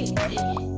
Yeah.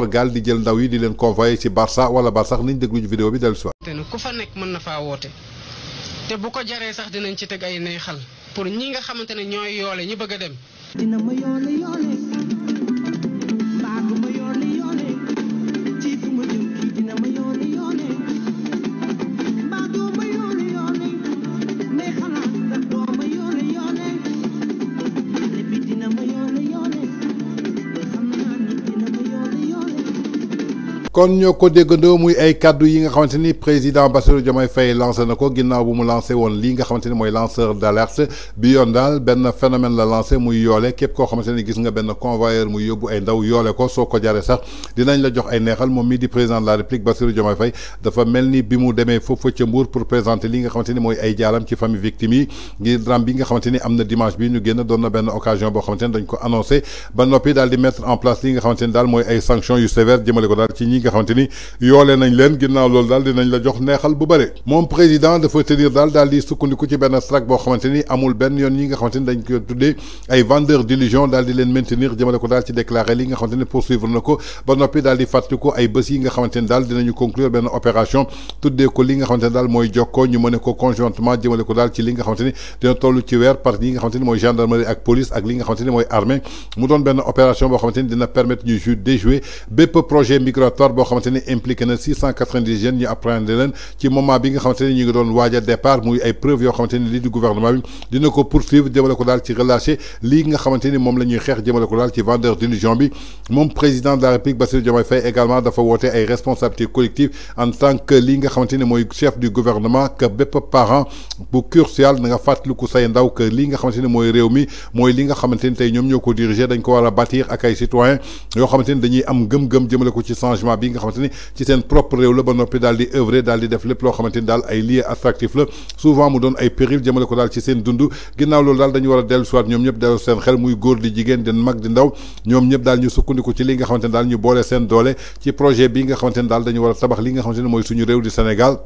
defar gaal di jël ndaw yi di leen convoyé ci Barça wala Barsax nañ déglu vidéo bi dellu si ku fa nekk mën na faa woote te bu ko jaree sax dinañ ci teg ay neexal pour ñi nga xamante ne ñooy yoole ñi bëgg a dem. kon ñoko ko déggandoo muy ay cadeau yi nga xamanteni président Bassirou Diomaye Faye lancé nako ginnaw bu mu lancé won li nga xamanteni moy lanceur d'alerte bi yoon dal ben phénomène la lancé muy yolé képp ko xamanteni gis nga ben convoyeur muy yóbbu ay ndaw yolé ko soko jaré sax dinañ la jox ay neexal mom mi di président de la république Bassirou Diomaye Faye dafa melni bi mu démé fofu ci Mbour pour présenter li nga xamanteni moy ay jaalam ci famille victime yi ngir drame bi nga xamanteni amna dimanche bi ñu génn doon ben occasion bo xamanteni dañ ko annoncer ba nopi dal di mettre en place li nga xamanteni dal moy ay sanctions yu sévères jëmale ko daal ci ñi nga xamante ni yoolee nañ leen ginnaaw loolu daal dinañ la jox neexal bu bëre moom président dafa tenir daal daal di sukkandiku ci benn strike boo xamante ni amul benn yoon yi nga xamante ni dañ ko tuddee ay vendeur d'illusion daal di leen maintenir jëmale ko daal ci déclaré li nga xamante ni poursuivre na ko ba noppi daal di fàttaliku ay bés yi nga xamante ni daal dinañu conclure benn opération tuddee ko li nga xamante ni daal mooy jokkoo ñu mëne ko conjointement jëmale ko daal ci li nga xamante ni dina toll ci weer parti yi nga xamante ni mooy gendarmerie ak police ak li nga xamante ni mooy armée mu doon benn opération boo xamante ni dina permettre ñu déjouer bépp projet migratoire départ boo ne impliqué na six cent quatre jeunes ñi apprendre leen ci moment bi nga xamanteni ñi ngi doon waja départ muy ay preuves yo xamanteni li du gouvernement bi dina ko poursuivre jëmele ko dal ci relâcher li nga xamanteni ni moom la ñuy xeex jëmale ko dal ci vendeur d'illusion bi mom président de la République Bassirou Diomaye Faye également dafa woté ay responsabilités collectives en tant que li nga xamanteni ni chef du gouvernement que bép parent bu crucial na nga fàttaliku say ndaw que li nga xamanteni ni réew mi moy li nga xamanteni ni ñom ñoko diriger dañ ko war bâtir ak ay citoyens yo xamanteni ni dañuy am gëm-gëm jëmele ko ci changement bi nga propre réew la ba noppi daal di œuvrer daal di def souvent mu doon ay péril jëmale ko daal ci seen dund ginnaaw loolu a soit ñoom seen xel muy góor di jigéen di mag di ndaw ñoom ñëpp daal ñu ci li nga ñu seen ci projet bi nga xamante ni dañu Sénégal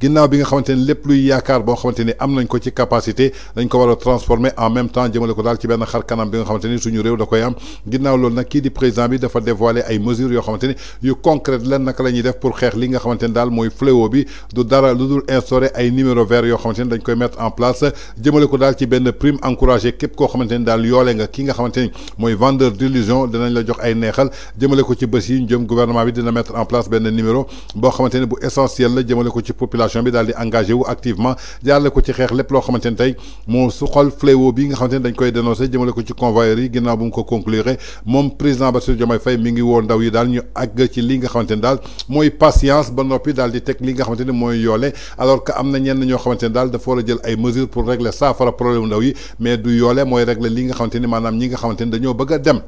ginnaw bi nga xamanteni lepp luy yaakaar bo xamanteni am nañ ko ci capacité dañ ko wara transformer en même temps jëmale ko dal ci ben xar kanam bi nga xamanteni suñu réew da koy am ginnaw loolu nak ki di président bi dafa dévoiler ay mesures yo xamanteni yu concrète la nak lañuy def pour xex li nga xamanteni dal moy fléau bi du dara lu instaurer ay numéro vert yo xamanteni dañ koy mettre en place jëmale ko dal ci ben prime encourager képp ko xamanteni dal yolé nga ki nga xamanteni moy vendeur d'illusion dinañ la jox ay neexal jëmale ko ci bëss yi ñu jëm gouvernement bi dina mettre en place ben numéro bo xamanteni bu essentiel la jëmale ko ci population bi daal di engagé wu activement jaarale ko ci xeex lépp lo xamante tay mo su xol fléau bi nga xamante dañ koy dénoncé jëmale ko ci convoyeur yi ginnaw bu mu ko conclure moom président Bassirou Diomaye Faye mi ngi woo ndaw yi dal ñu ag ci li nga xamante dal moy patience ba nopi daal di teg li nga xamante moy yolé alors que amna ñen ño ñoo dal da fo la jël ay mesures pour régler saafara problème ndaw yi mais du yolé moy régler li nga xamante manam ñi nga xamante ni dañoo bëgg dem